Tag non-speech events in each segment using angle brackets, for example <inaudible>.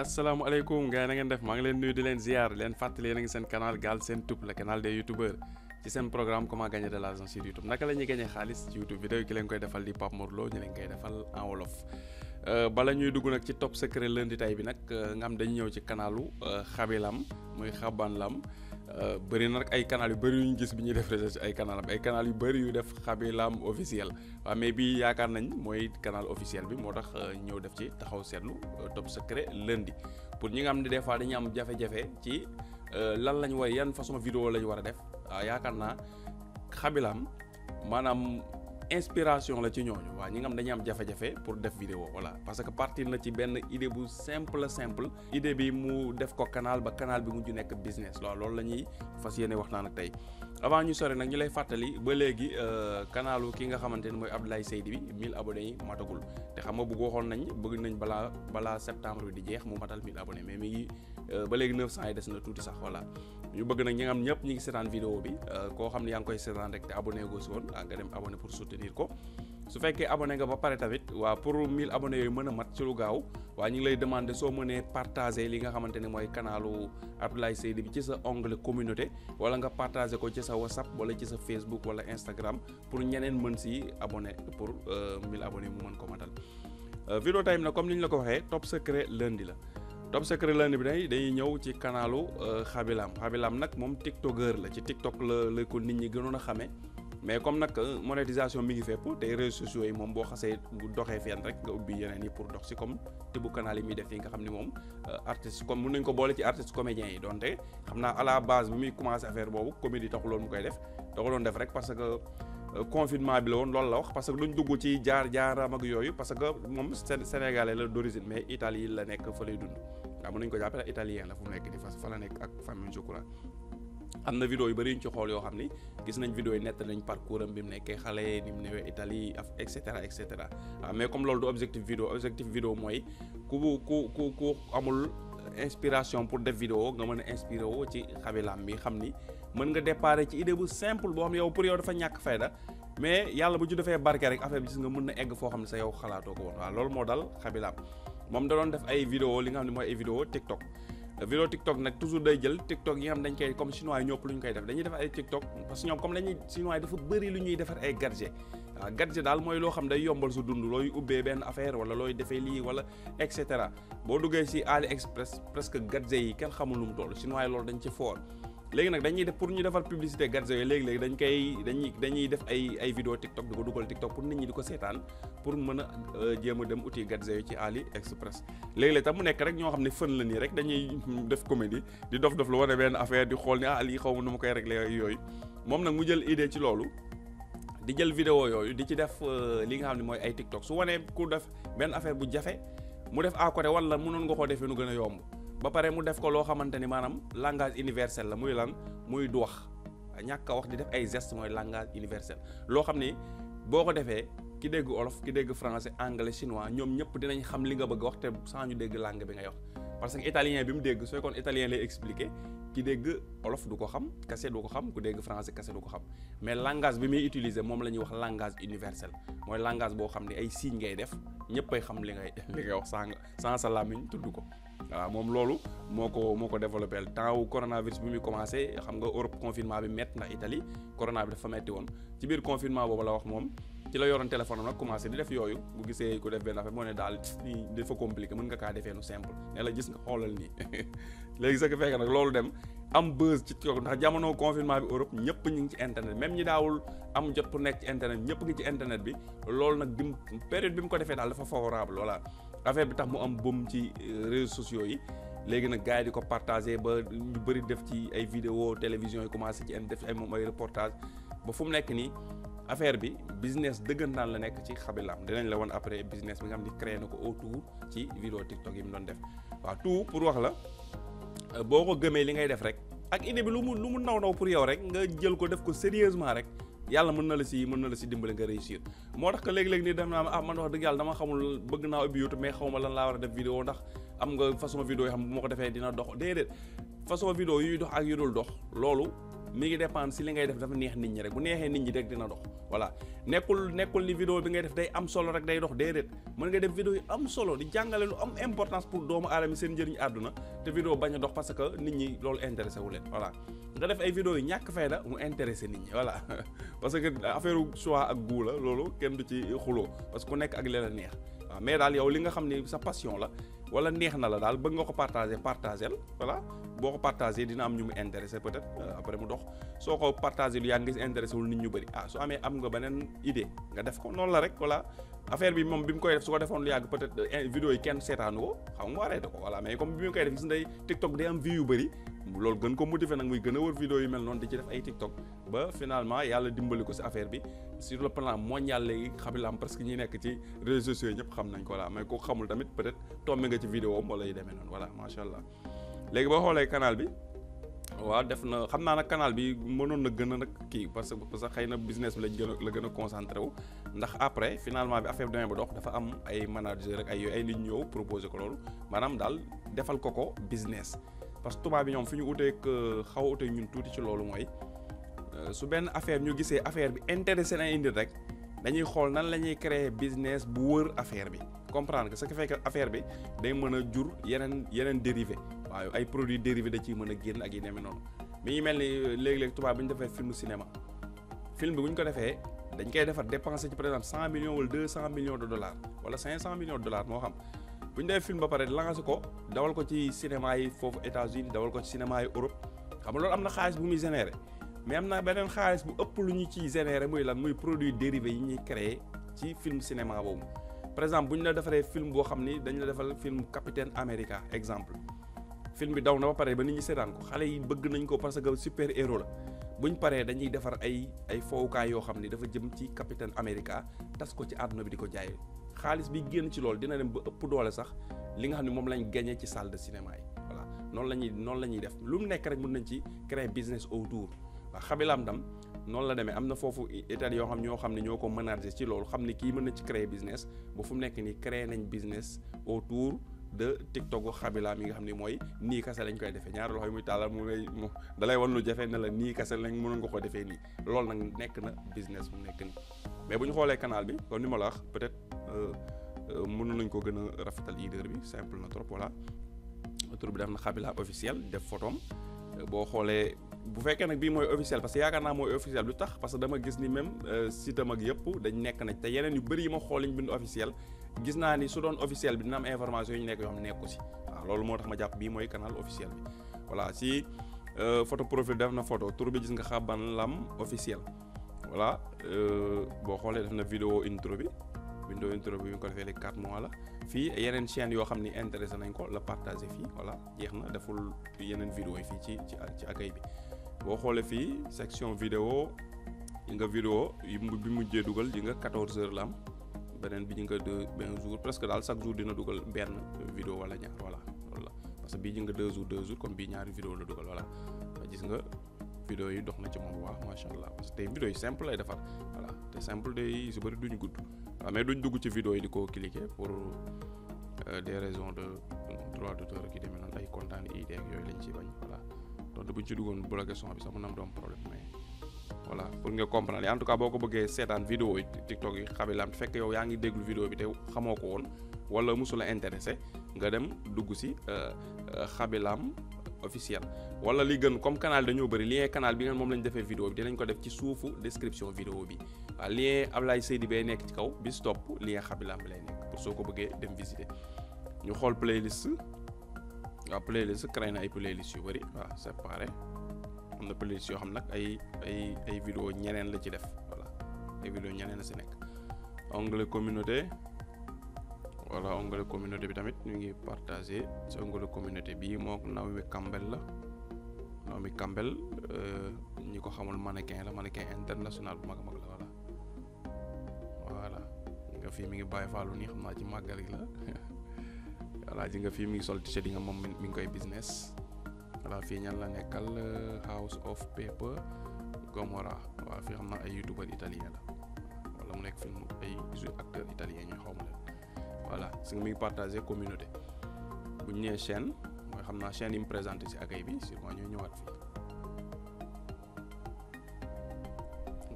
asalaamaaleykum gars yi na def maa ngi leen nuyu di leen ziar leen fàttali yéen a ngi seen canal Galsen Tube le canal des youtubeurs ci seen programme comment gagner de l'argent sur YouTube naka la ñuy gagner xaalis ci YouTube vidéo ki leen koy defal di Pape Mor ñu leen koy defal en wolof. Euh, bala ñuy dugg nag ci top secret lundi tay bi nag euh, nga xam dañu ñëw ci canalu euh, Xabi Lam muy Xaban Lam. Euh, bëri na nag ay canal yu bëri yu ñu gis bi ñuy def recherche ay canal am ay canal yu bëri yu def xabilaam officiel waaw mais bi yaakaar nañ mooy canal officiel bi moo tax euh, ñëw def ci taxaw seetlu euh, top secret lundi pour ñi nga xam ne des fois dañuy am jafe-jafe ci lan lañ war yan façon vidéo lañu war a def waaw yaakaar naa xabilaam maanaam inspiration la ci ñooñu waa ñi nga xam dañuy am jafe-jafe pour def vidéo voilà parce que partir na ci benn idée bu simple simple idée bi mu def ko kanaal ba kanaal bi mujj nekk business waaw loolu la ñuy fas yéene waxtaan ak tey avant ñu sore nag ñu lay fàttali ba léegi kanaalu euh, ki nga xamante ne mooy Abdoulaye Seydi bi 1000 abonnés yi matagul te xam nga bëgg waxoon nañ bëgg nañ balaa balaa septembre bi di jeex mu matal 1000 abonnés mais mi ngi euh, ba léegi 900 yi des na tuuti sax voilà ñu bëgg nag ñi nga xam ñëpp ñi ngi seetaan vidéo bi euh, koo xam ne yaa ngi koy seetaan rek te abonné goo si woon ah, nga dem abonné pour soutenir ko su fekkee abonné nga ba pare tamit waa pour 1000 abonné yooyu mën a mat ci lu gaaw waa ñu ngi lay demander soo mënee partager li nga xamante ne mooy kanalu Abdoulaye Seydi bi ci sa onglet communauté wala nga partager ko ci sa WhatsApp wala ci sa Facebook wala Instagram pour ñeneen mën si abone pour 1000 euh, abonné mu mën ko matal. Euh, vidéo time na comme ni ñu la ko waxee top secret lundi la. top secret lundi bi day dañuy ñëw ci kanalu euh, xabilam xabilam nag moom tiktokeur la ci tiktok la la ko nit ñi gënoon a xamee mais comme nag euh, monétisation mi ngi fépp tey réseaux sociaux yi moom boo xasee doxee fenn rek nga ubbi yeneen yi pour dox si comme te bu canal yi muy def yi nga xam ni moom euh, artiste comme mun nañ ko boole ci artiste comédiens yi donte xam naa à la base bi muy commencé affaire boobu comédie taxuloon mu koy def da ko doon parce que confinement bi la ci jaar jaaram ak yooyu parce que moom Sénégalais la d'origine mais Italie la nekk fa lay waaw mën nañu ko jàppale italien la fu nekk di fa fa la nekk ak famille je crois am na vidéo yu bëri ñu ci xool yoo xam ni gis nañ vidéo yi nett nañ parcours am mu nekkee xale ni mu newee Italie af et et cetera waaw comme loolu du objectif vidéo objectif mooy ku ku ku ku amul inspiration pour def vidéo nga mën a inspiré woo ci xabilaam bi xam ni mën nga déparé ci idée bu simple boo xam ne yow pour yow dafa ñàkk fayda mais yàlla bu ci defee barke rek affaire bi gis nga mën na egg foo xam ne sa yow xalaatoo ko woon waaw loolu moo dal xabilaam moom da def ay vidéo li nga xam ne mooy ay vidéo TikTok vidéo TikTok nag toujours day jël TikTok yi nga xam dañ koy comme chinois yi ñëpp lu ñu koy def dañuy def ay TikTok parce que ñoom comme dañuy chinois dafa bëri lu ñuy defar ay gadget waaw gadget daal mooy loo xam day yombal su dund looy ubbee benn affaire wala looy defee lii wala et cetera boo duggee si AliExpress presque gadget yi kenn xamul lu mu toll chinois yi loolu dañ ci foor léegi nag dañuy def pour ñu defal publicité gadgets yooyu léegi-léegi dañ koy dañuy dañuy def ay ay vidéo TikTok di ko dugal TikTok pour nit ñi di ko seetaan pour mën a euh, jéem a dem uti gadgets yooyu ci Ali Express léegi-léegi tam mu nekk rek ñoo xam ne fën la nii rek dañuy def comédie di dof dof la wane benn affaire di xool ni ah Ali xaw ma nu ma koy réglé yooyu moom nag mu jël idée ci loolu di jël vidéo yooyu di ci def euh, li nga xam ne mooy ay TikTok su wanee ku def benn affaire bu jafe mu def à côté wala mënoon nga koo defee nu gën a yomb ba pare mu def ko loo xamante ni maanaam langage universel la muy lan muy du wax ñàkk wax di def ay gestes mooy langage loo xam ni boo ko defee ki dégg olof ki dégg français anglais chinois ñoom ñëpp dinañ xam li nga bëgg wax te sans dégg langue bi ngay wax parce que italien bi mu dégg sooy kon italien lay expliquer ki dégg olof du ko xam kese du ko xam ku dégg français kese du ko xam mais langage bi muy utiliser moom la ñuy wax langage universel mooy langage boo xam ne ay signes ngay def ñëppay xam li ngay <laughs> li ngay wax sans sa làmmiñ tudd ko voilà ah, moom loolu moo ko moo ko développé temps wu coronavirus bi muy commencé xam nga Europe confinement bi métti na itali corona bi dafa woon ci biir confinement la wax moom ci la yoroon téléphone am commencé di def yooyu gisee ku def benn affaire moo ne daal nii dafa compliqué mën nga kaa defee nu simple ne la gis nga <laughs> léegi sa fekk nag loolu dem am buzz ci TikTok ndax jamono confinement bi Europe ñëpp ñu ngi ci internet même ñi daawul am jot pour nekk ci internet ñëpp ci internet bi loolu nag bi mu période bi mu ko defee daal dafa favorable voilà affaire bi tax mu am bëm ci euh, réseaux sociaux yi léegi nag gars di ko partagé ba ñu bëri def ci ay vidéo télévision yi commencé ci en def ay moom ay reportage ba fu mu nekk nii affaire bi business dëggantaan la nekk ci xabilam dinañ la woon après business bi nga xam ni créé na ko autour ci vidéo TikTok yi mu doon def waaw tout pour wax la euh, boo ko gëmee li ngay def rek ak idée bi lu mu lu mu naw naw pour yow rek nga jël ko def ko sérieusement rek yàlla mën na la si mën na la si dimbale nga réussir moo tax que léegi-léegi nii dem naa ah man wax dëgg yàlla dama xamul bëgg naa ubbi YouTube mais xawma lan laa war a def vidéo ndax am nga façon vidéo yoo xam dina dox déedéet façon vidéo yuy dox ak yu dul dox loolu mi ngi dépendre si li ngay def dafa neex nit ñi rek bu neexee nit ñi rek dina dox voilà nekkul nekkul ni vidéo bi ngay def day am solo rek day dox déedéet mën nga def vidéo yi am solo di jàngale lu am importance pour doomu aadama seen àdduna te vidéo bañ a dox parce que nit ñi loolu intéressé wu leen voilà nga def ay vidéo yu ñàkk da mu intéressé nit ñi voilà <laughs> parce que affaire choix ak goût la loolu kenn du ci xuloo parce que ku nekk ak li la neex waaw mais daal yow li nga xam ne sa passion la wala neex na la daal bëgg nga ko partager partager voilà boo ko partager dina am ñu mu intéressé peut-être euh, après mu dox soo ko partager lu yaa ngi intéressé wul nit ñu bëri ah su amee am nga beneen idée nga def ko noonu la rek voilà affaire bi moom bi mu koy def su ko defoon lu yàgg peut-être eh, yi kenn seetaanu ko xam nga mu ko voilà mais comme bi mu koy def gis nday TikTok day am ba finalement yàlla dimbali ko si affaire bi sur le plan mondial léegi la am parce que nekk ci réseaux sociaux yi ñëpp xam nañ ko voilà mais ko xamul tamit peut-être tombé nga ci vidéo léegi boo xoolee canal bi. waaw def na xam naa nag canal bi mënoon na gën a nag kii parce que parce que xëy na business bi lañ gën a la gën a concentré wu ndax après finalement bi affaire bi demee ba dox dafa am ay manager rek ay yooyu ay nit ñëw proposé ko loolu maanaam daal defal ko ko business parce que tubaab bi ñoom fi ñu utee euh, xaw a ñun tuuti ci loolu mooy euh, su benn affaire ñu gisee affaire bi intéressé na indi rek dañuy xool nan la ñuy créer business bu wër affaire bi comprendre que ce qui fait que affaire bi day mën a jur yeneen yeneen dérivé waaw ay produits dérivés da ciy mën a génn ak yi demee noonu mi mel ni euh, léegi-léegi tubaab bu ñu defee filmu cinéma film bi bu ñu ko defee dañ koy defar dépensé ci par exemple cent millions wala deux cent millions de dollars wala cinq de dollars moo xam bu ñu defee film ba pare lancé ko dawal ko ci cinéma yi foofu États-Unis dawal ko ci cinéma yi Europe xam nga loolu am na xaalis bu muy généré mais am na beneen xaalis bu ëpp lu ñu ciy généré muy lan muy produits dérivés yi ñuy créé ci film cinéma boobu par exemple bu ñu la defaree film boo xam ni dañu la defal film Capitaine America exemple film bi daw na ba pare ba nit ñi seetaan ko xale yi bëgg nañ ko parce que super héros la buñ paree dañuy defar ay ay fowukaay yoo xam ne dafa jëm ci Capitaine America tas ko ci àdduna bi di ko jaayee xaalis bi génn ci loolu dina dem ba ëpp doole sax li nga xam ne moom lañ gagné ci salle de cinéma yi voilà noonu la ñuy noonu la ñuy def lu mu nekk rek mën nañ ci créer business autour waaw xabilaam dam noonu la demee am na foofu état yoo xam ñoo xam ne ñoo ko ménager ci loolu xam ne kii mën na ci créer business ba fu mu nekk nii créer nañ business de tiktok xabilaa mi nga xam ne mooy nii kase lañ koy defee ñaari loxo yi muy tàllal mu lay mu da lay wan lu jafe ne la nii kase lañ mënoon nga ko defee nii lool nag nekk na business mu nekk nii mais bu ñu xoolee kanaal bi kon ni ma la wax peut-être euh, euh, mënoon nañ ko gën a rafetal leader bi simple na trop voilà tur bi def na xabilaa officiel def photom boo xoolee bu fekkee nag bii mooy officiel parce que yaakaar naa mooy officiel lu tax parce que dama gis ni même euh, site am ak yëpp nekk nañ te yeneen yu bëri yi ma xool liñ bind officiel gis naa ni su doon officiel bi dina am information yu nekk yoo xam nekku si waaw loolu moo tax ma jàpp bii mooy canal officiel bi voilà si euh, photo profil def na photo tur bi gis nga xaban lam officiel voilà euh, boo xoolee def na vidéo intro bi vidéo intro bi ñu ko defee léegi 4 mois la fii yeneen chaîne yoo xam ni intéressé nañ ko la partagé fii voilà jeex na deful yeneen vidéo yi fii ci ci ci accueil bi boo xoolee fii section vidéo yi nga vidéo yi bi mujjee dugal yi nga 14 heures la am beneen bi ñu nga deux benn jour presque daal chaque jour dina dugal benn vidéo wala ñaar voilà la parce que bii ñu nga deux jour deux jours comme bii ñaari vidéo la dugal voilà gis nga vidéo yi dox na ci moom waaw macha allah parce que tey vidéo yi simple lay defar voilà te simple day si bëri duñ gudd waaw mais duñ dugg ci vidéo yi di ko cliquer pour euh, des raisons de droit d'auteur ki demee noonu ay kontaan ID ak yooyu lañ ciy bañ voilà donc buñ ci duggoon bi sax na am voilà pour nga comprendre en tout cas boo ko bëggee seetaan vidéo yi TikTok yi Xabi Lamb fekk yow yaa ngi déglu vidéo bi te xamoo ko woon wala mosula intéressé nga dem dugg si euh, Xabi Lamb officiel wala li gën comme canal dañoo bëri lien canal bi ngeen moom lañu defee vidéo bi dinañ ko def ci suufu description vidéo bi waaw lien Ablaye Seydi bay nekk ci kaw bis topp lien Xabi Lamb lay nekk pour soo ko bëggee dem visiter ñu xool playlist waaw playlist créé na ay playlist yu bëri waaw c'est am na playlist yoo xam nag ay ay ay vidéo ñeneen la ci def voilà ay vidéo ñeneen la si nekk onglet communauté voilà onglet communauté bi tamit ñu ngi partagé ci onglet communauté bii moo Naomi Campbell la Naomi Campbell euh, ñi ko xamul mannequin la mannequin international bu mag a mag la voilà nga fii mi ngi bàyyi faalu nii xam naa ci màggal gi la <laughs> voilà ji nga fii mi ngi sol t-shirt yi moom mi ngi koy business voilà fii ñan la nekkal euh, House of Paper Gomorra waaw fii xam naa ay youtubeur italien la wala mu nekk film ay acteur italien ñu xaw ma leen xam naa chaîne yi présenté si accueil bi ñoo ñëwaat fii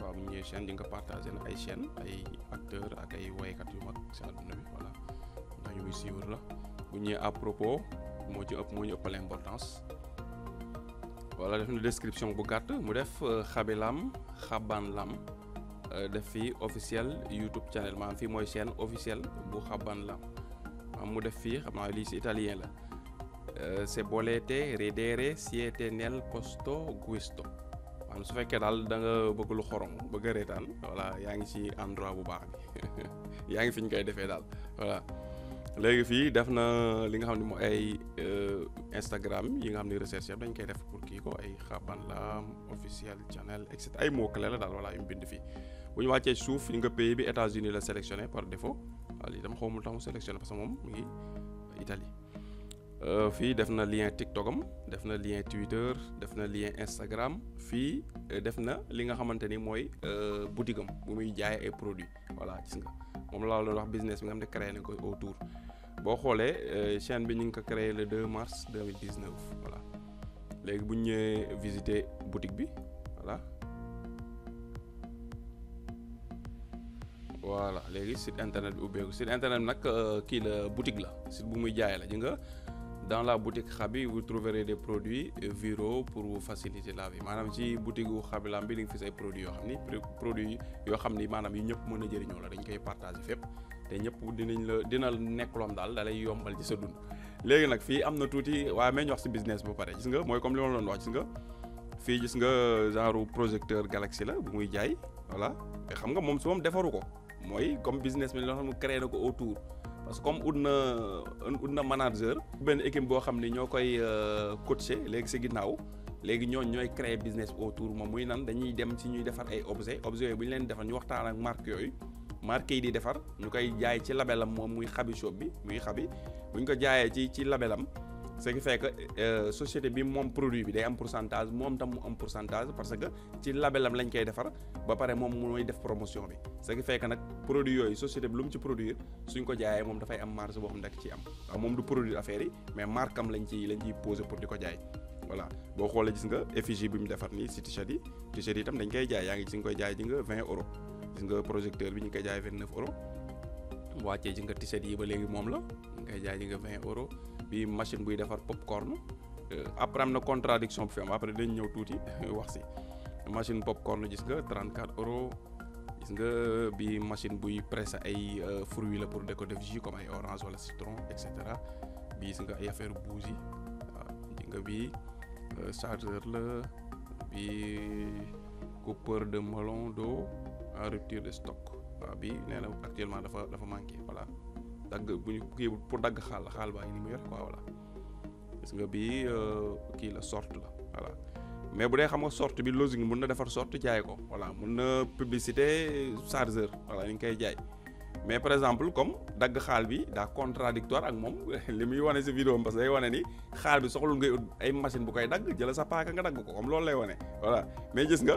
waaw bu ñu nee chaîne di nga partagé ay chaîne ay acteur ak ay woykat yu mag si àdduna bi voilà ndax ñu muy suivre la bu ñu nee à moo ci ëpp moo ñu ëppal importance wala def na description bu gàtt mu def euh, xabilam xaban lam euh, def fii officiel YouTube channel maanaam fii mooy chaîne officiel bu xaban lam mu def fii xam naa lii si italien la euh, c'est volete ridere siete nel posto gusto maanaam su fekkee daal da nga bëgg lu xorom bëgg a reetaan voilà yaa ngi si endroit bu baax bi <laughs> yaa ngi fi ñu koy defee daal voilà léegi fii def na li nga xam ne moo ay Instagram yi nga xam ne recherche dañ koy def. ko ay xaban lam officiel channel et ay mots clés la daal voilà yu mu bind fii bu ñu wàccee suuf li nga pays bi États-Unis la sélectionné par défaut waaw lii xaw ma tax mu sélectionné parce que moom mu ngi Italie euh, fii def na lien TikTok def na lien Twitter def na lien Instagram fii euh, def na li nga xamante ni mooy euh, boutique am bu muy jaay ay produits voilà gis nga moom laa doon wax business bi nga xam ne créé na ko autour boo xoolee chaîne bi ñu ngi ko créé le 2 mars 2019 voilà. léegi bu ñu ñëwee visité boutique bi voilà voilà léegi site internet bi ubbeeku site internet bi nag euh, kii la boutique la site bu muy jaayee la ji nga dans la boutique xabi wu trouverez de produits viraux pour vous faciliter la vie maanaam ci boutique gu Khaby Lame bi li nga fi say produits yoo xam ni produits yoo xam ni maanaam yu ñëpp mën na jëriñoo la dañ koy partage fépp te ñëpp dinañ la dina nekk loo daal dalay yombal ci sa dund. léegi nag fii am na tuuti waaye meñ wax si business ba pare gis nga mooy comme li ma doon wax gis nga fii gis nga genre projecteur Galaxy la bu muy jaay voilà xam nga moom si moom defaru ko mooy comme business bi loo xam ne créé na ko autour parce que comme ut na ut na manager benn équipe boo xam ni ñoo koy euh, coacher léegi si ginnaaw léegi ñooñu ñooy créer business autour moom muy nan dañuy dem si ñuy defar ay objet objet yooyu bu ñu leen defar ñu waxtaan ak yooyu marque yi di defar ñu koy jaay ci labelam moom muy xabi shop bi muy xabi bu ñu ko jaayee ci ci labelam ce qui fait que euh, société bi moom produit bi day am pourcentage moom tam mu am pourcentage parce que ci labelam lañ koy defar ba pare moom mooy def promotion bi ce qui fait nag produit yooyu société bi lu mu ci produire suñ ko jaayee moom dafay am marge boo xam ne ci am waaw moom du produire affaire yi mais marque am lañ ci lañ ciy posé pour di ko jaay voilà boo xoolee gis nga effigie bi mu defar nii si t dañ koy jaay yaa ngi ci koy jaay ji nga 20 euros gis nga projecteur bi ñu koy jaay vingt neuf euros wàccee ji nga set yi ba léegi moom la ñu koy jaay ji nga vingt euros bi machine buy defar popcorn euh, après am na contradiction bu fi am après dañ ñëw tuuti <laughs> wax si machine popcorn gis nga 34 euros gis nga euh, bi machine buy presse ay euh, fruits la pour de ko def jus comme ay orange wala citron et bi gis nga ay affaire bougie waaw nga bi chargeur la bi coupeur de melon d'eau rupture de stock waaw bii nee na actuellement dafa dafa manqué voilà dagg bu ñu kii pour dagg xaal la xaal baa ngi ni mu yore quoi voilà gis nga bii euh, kii la sorte la voilà mais bu dee xam nga sorte bi losing mun na defar sorte jaay ko voilà mun na publicité chargeur voilà ñu ngi koy jaay mais par exemple comme dagg xaal bi daa contradictoire ak moom <laughs> li muy wane si vidéo parce que day wane ni xaal bi soxlul ngay ut ay machine bu koy dagg jëla sa paaka nga dagg ko comme loolu lay wane nga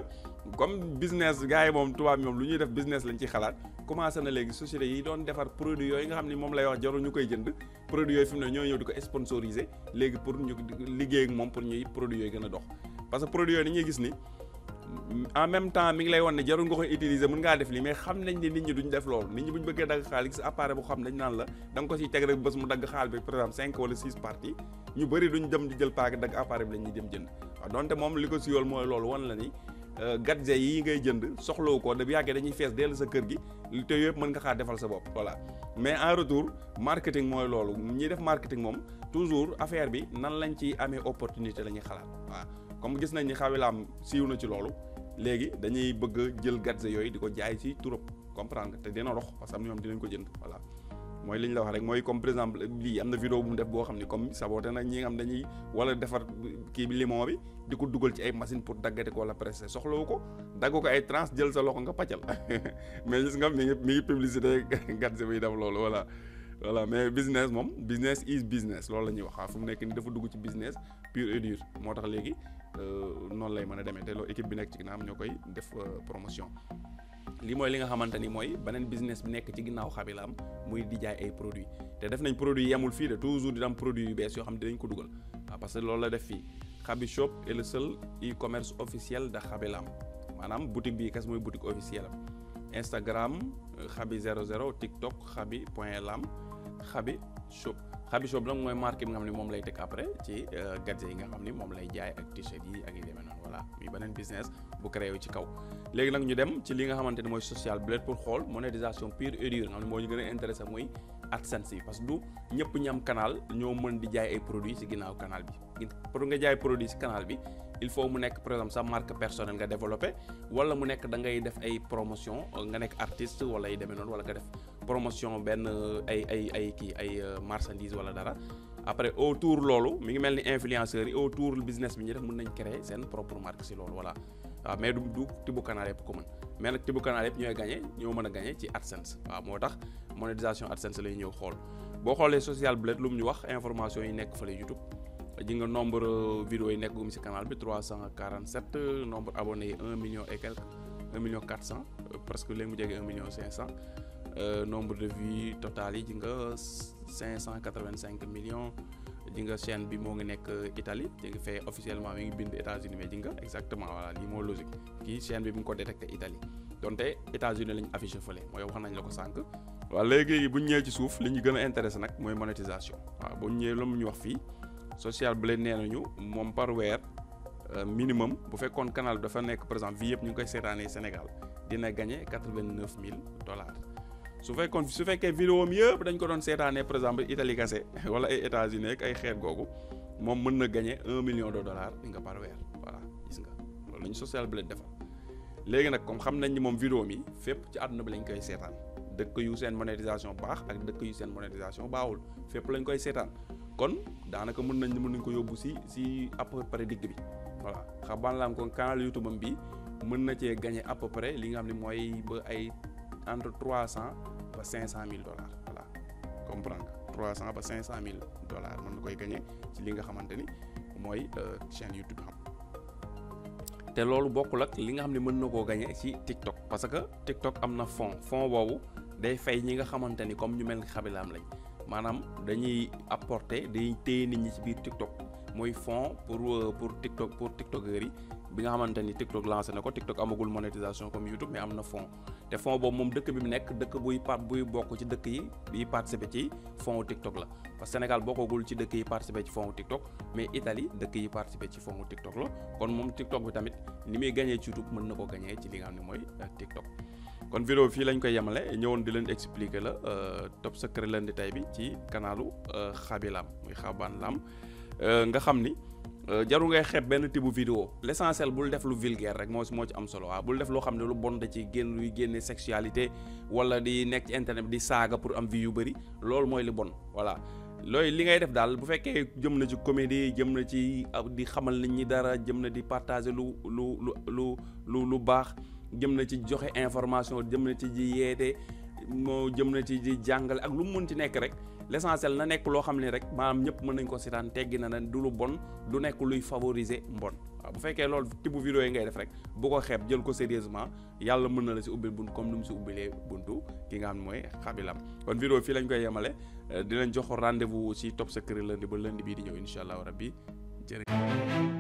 comme business gars yi moom tubaab ñoom lu ñuy def business lañ ci xalaat commencé na léegi société yi doon defar produit yooyu nga xam ni moom lay wax jarul ñu koy jënd produit yooyu fi ne ñoo ñëw di ko sponsoriser léegi pour ñu liggéey ak moom pour ñuy produit yooyu gën a dox parce que produit yooyu ni en même temps ngi lay wan ne jarul nga koy utiliser mën ngaa def ñi duñ def loolu nit ñi bu ñu bëggee dagg xaal gis appareil bu xam dañ naan la da ko siy teg rek bés mu dagg xaal bi par exemple cinq jënd waaw donte moom li ko siyool mooy loolu Euh, gadget yi ngay jënd soxlawu ko da bu yàggee dañuy fees dell sa kër gi te yëpp mën nga xaar defal sa bopp voilà mais en retour marketing mooy loolu ñuy def marketing moom toujours affaire bi nan lañ ci amee opportunité la ñuy xalaat waaw comme gis nañ ni xawilaam siiw na ci loolu léegi dañuy bëgg jël gadget yooyu di ko jaay ci turab comprendre nga te dina rox parce que ñoom dinañ ko jënd voilà mooy li ñu la wax rek mooy comme par exemple lii am na vidéo bu mu def boo xam ne comme saboté nag ñi nga xam dañuy wala defar kii bi limon bi di ko dugal ci ay machine pour daggate ko wala pressé soxlawu ko dagg ko ay trans jël sa loxo nga pàccal <laughs> mais gis nga mi ngi mi ngi publicité <laughs> Gadji buy def loolu voilà. voilà mais business moom business is business loolu la ñuy wax fu mu nekk ni dafa dugg ci business pur et moo tax léegi euh, noonu lay mën a demee te loolu bi nekk ci ginnaaw ñoo koy def euh, promotion. li mooy li nga xamante ni mooy beneen business bi nekk ci ginnaaw xabilaam muy di ay produit te def nañ produit yemul fii de toujours di am produit yu bees yoo xam ne dinañ ko dugal waaw ah, parce que loolu la def fii Xabi Shop est le commerce officiel de xabilaam maanaam boutique bii kas mooy boutique officielle am Instagram xabi 00 TikTok xabi point lam xabi shop Habishop nag mooy marque moom lay teg après ci euh, gadget yi nga xam ni moom lay jaay ak t yi ak yi demee noonu voilà muy beneen business bu créé ci kaw léegi nag ñu dem ci li nga xamante ne mooy social blade pour xool monétisation pure et dure nga xam ne moo ñu gën a intéressé muy AdSense bi parce que du ñëpp ñi am canal ñoo mën di jaay ay produits ci ginnaaw kanaal bi pour nga jaay produit ci canal bi il faut mu nekk par exemple sa marque personnelle nga développé wala mu nekk da ngay def ay promotion nga nekk artist wala ay demee noonu wala nga def promotion benn euh, ay ay ay kii ay euh, marchandise wala dara après autour loolu mu ngi mel ni influenceurs yi autour business bi ñu def mën nañ créer seen propre marque ci loolu voilà waaw mais du du tibb canal yëpp ko mën mais nag tibb canal yëpp ñooy gagné ñoo mën a gagné ci AdSense waaw moo tax monétisation AdSense lay ñëw xool boo xoolee social blade lu mu ñu wax information yi nekk fële YouTube ji nga nombre euh, vidéo yi nekk gum si canal bi 347 euh, nombre abonné yi 1 million et quelque 1 million 400 euh, presque léegi mu jege 1 million 500 nombre de vues total yi ji nga 585 millions. di nga chaîne bi moo ngi nekk euh, Italie di nga fay officiellement mi ngi bind États-Unis mais di nga exactement voilà lii moo logique kii chaîne bi mu ngi ko détecté Italie donte États-Unis lañ affiché fële mooy wax nañ la ko sànq waaw léegi bu ñu ñëwee ci suuf li ñu gën a intéressé nag mooy monétisation waaw bu ñu ñëwee lu ñu wax fii social blé nee nañu moom par weer euh, minimum bu fekkoon canal dafa nekk par exemple fii yëpp ñu ngi koy seetaanee Sénégal dina gagné quatre-vingt-neuf mille su fekkoon su fekkee vidéo am yëpp dañ ko doon seetaanee par exemple Italie kase <laughs> wala ay États-Unis ak ay xeet googu moom mën na gagné un million de dollars di nga par weer voilà gis nga loolu lañu social blade defal léegi nag comme xam nañ ni moom vidéo mi fépp ci àdduna bi lañ koy seetaan dëkk yu seen monétisation baax ak dëkk yu seen monétisation baaxul fépp lañ koy seetaan kon daanaka mën nañ mën nañ ko yóbbu si si à peu près digg bi voilà xabaan laam kon canal bi mën na cee gagné à peu li nga xam ne mooy ba entre trois cent ba cinq cent mille dollars voilà comprendre trois cent ba cinq cent mille dollars mën na koy gagné ci li nga xamante ni mooy euh, chaîne YouTube xam te loolu bokkul ak li nga xam ne mën na koo gagné ci TikTok parce que TikTok am na fon fon boobu day fay ñi nga xamante ni comme ñu mel ni xabilaam lañ maanaam dañuy apporter day téye nit ñi ci biir TikTok mooy fon pour euh, pour TikTok pour tiktokers yi bi nga xamante ni TikTok lancé na ko TikTok amagul monétisation comme YouTube am na fond te fond boobu moom dëkk bi mu nekk dëkk buy part buy bokk ci dëkk yi biy participer ci fondu TikTok la parce Sénégal bokkagul ci dëkk yi participer ci fondu TikTok mais itali dëkk yi participer ci fondu TikTok la kon moom TikTok bi tamit ni muy gañee ci YouTube mën na ko gagné ci li nga xam ne mooy euh, TikTok. kon vidéo bi fii lañ koy yemale ñëwoon di leen expliquer la euh, top secret leen di tey bi ci kanaalu Xabi euh, Lam muy Xabaan Lam. Euh, nga xam ni euh, jaru ngay xeeb benn tibu vidéo l' essentiel bul def lu vulgaire rek moo moo ci am solo waaw bul def loo xam ne lu bon da ci génn luy génne sexualité wala di nekk ci internet di saaga pour am vie yu bëri loolu mooy li bon voilà looy li ngay def daal bu fekkee jëm na ci comédie jëm na ci ah, di xamal nañ ñi dara jëm na di partager lu lu lu lu lu baax jëm na ci joxe information jëm na ci ji yeete moo jëm na ci di jàngale ak lu mu munti nekk rek l'essentiel na nekk loo xam ne rek maam ñëpp mën nañ ko si seetaan teggi na na du lu bon du nekk luy favoriser mbon waaw bu fekkee loolu type vidéo yi ngay def rek bu ko xeeb jël ko sérieusement yàlla mën na la si ubbil bunt comme ni mu si ubbilee buntu ki nga xam mooy xabilam kon vidéo fii lañ koy yemale di leen jox rendez-vous aussi Top Secret lundi ba lundi bii di ñëw incha allahu rabbi jërë